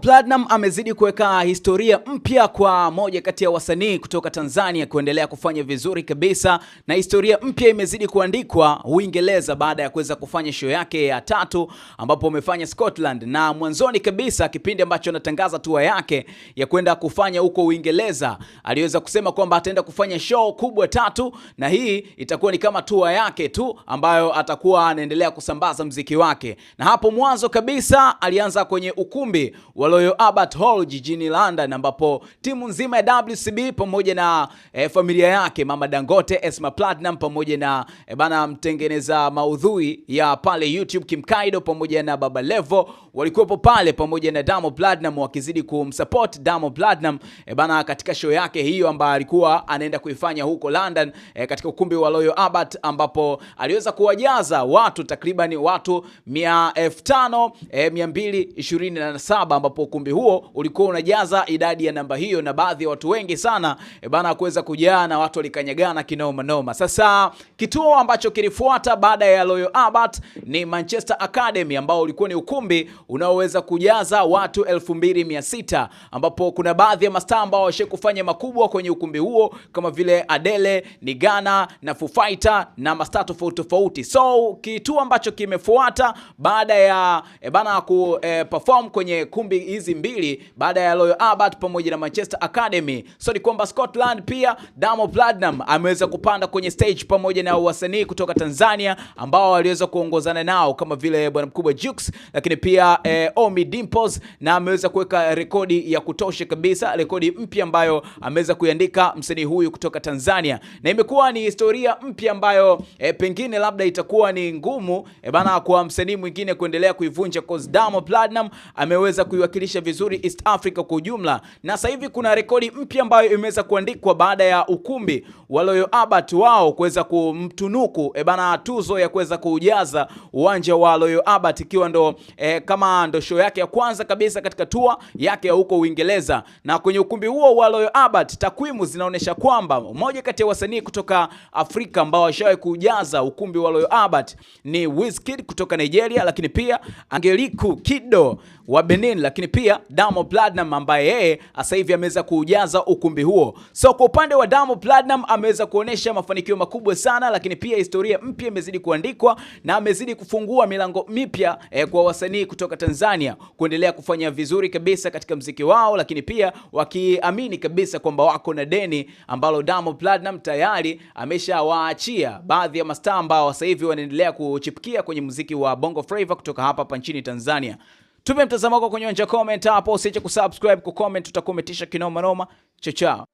Platinum amezidi kuweka historia mpya kwa moja kati ya wasanii kutoka Tanzania kuendelea kufanya vizuri kabisa, na historia mpya imezidi kuandikwa Uingereza baada ya kuweza kufanya show yake ya tatu ambapo amefanya Scotland, na mwanzoni kabisa kipindi ambacho anatangaza tour yake ya kwenda kufanya huko Uingereza, aliweza kusema kwamba ataenda kufanya show kubwa tatu, na hii itakuwa ni kama tour yake tu ambayo atakuwa anaendelea kusambaza mziki wake, na hapo mwanzo kabisa alianza kwenye ukumbi wa Royal Albert Hall jijini London, ambapo timu nzima ya WCB pamoja na e, familia yake Mama Dangote, Esma Platinum pamoja na e, bana mtengeneza maudhui ya pale YouTube Kimkaido pamoja na Baba Levo walikuwepo pale pamoja na damo Platinum wakizidi kumsupport damo Platinum e, bana katika show yake hiyo ambayo alikuwa anaenda kuifanya huko London e, katika ukumbi wa Royal Albert ambapo aliweza kuwajaza watu takriban watu 1500 227 ambapo ukumbi huo ulikuwa unajaza idadi ya namba hiyo, na baadhi ya watu wengi sana e bana kuweza kujaa na watu walikanyagana kinoma noma. Sasa kituo ambacho kilifuata baada ya Royal Albert ni Manchester Academy ambao ulikuwa ni ukumbi unaoweza kujaza watu 2600 ambapo kuna baadhi ya mastaa ambao washe kufanya makubwa kwenye ukumbi huo kama vile Adele, nigana na Foo Fighter na mastaa tofauti tofauti. So kituo ambacho kimefuata baada ya e bana ku e, perform kwenye kumbi kumbi hizi mbili baada ya Royal Albert pamoja na Manchester Academy. So ni kwamba Scotland pia Damo Platinum ameweza kupanda kwenye stage pamoja na wasanii kutoka Tanzania ambao waliweza kuongozana nao kama vile bwana mkubwa Jux, lakini pia eh, Omi Dimples na ameweza kuweka rekodi ya kutosha kabisa, rekodi mpya ambayo ameweza kuiandika msanii huyu kutoka Tanzania, na imekuwa ni historia mpya ambayo eh, pengine labda itakuwa ni ngumu eh, bana kwa msanii mwingine kuendelea kuivunja, cause Diamond ameweza kui aliwakilisha vizuri East Africa kwa ujumla, na sasa hivi kuna rekodi mpya ambayo imeweza kuandikwa baada ya ukumbi wa Royal Albert wao kuweza kumtunuku e bana tuzo ya kuweza kuujaza uwanja wa Royal Albert, ikiwa ndo e, kama ndo show yake ya kwanza kabisa katika tour yake ya huko Uingereza. Na kwenye ukumbi huo wa Royal Albert, takwimu zinaonyesha kwamba mmoja kati ya wasanii kutoka Afrika ambao washawahi kuujaza ukumbi wa Royal Albert ni Wizkid kutoka Nigeria, lakini pia angeliku kido wa Benin lakini pia Diamond Platinum ambaye yeye sasa hivi ameweza kujaza ukumbi huo. So kwa upande wa Diamond Platinum ameweza kuonesha mafanikio makubwa sana, lakini pia historia mpya imezidi kuandikwa na amezidi kufungua milango mipya eh, kwa wasanii kutoka Tanzania kuendelea kufanya vizuri kabisa katika mziki wao, lakini pia wakiamini kabisa kwamba wako na deni ambalo Diamond Platinum tayari ameshawaachia baadhi ya mastaa ambao sasa hivi wanaendelea kuchipukia kwenye muziki wa Bongo Flava kutoka hapa hapa nchini Tanzania. Tupe mtazamo wako kwenye uwanja comment hapo, usiache kusubscribe, kucomment, tutakometisha kinoma noma. Chao chao.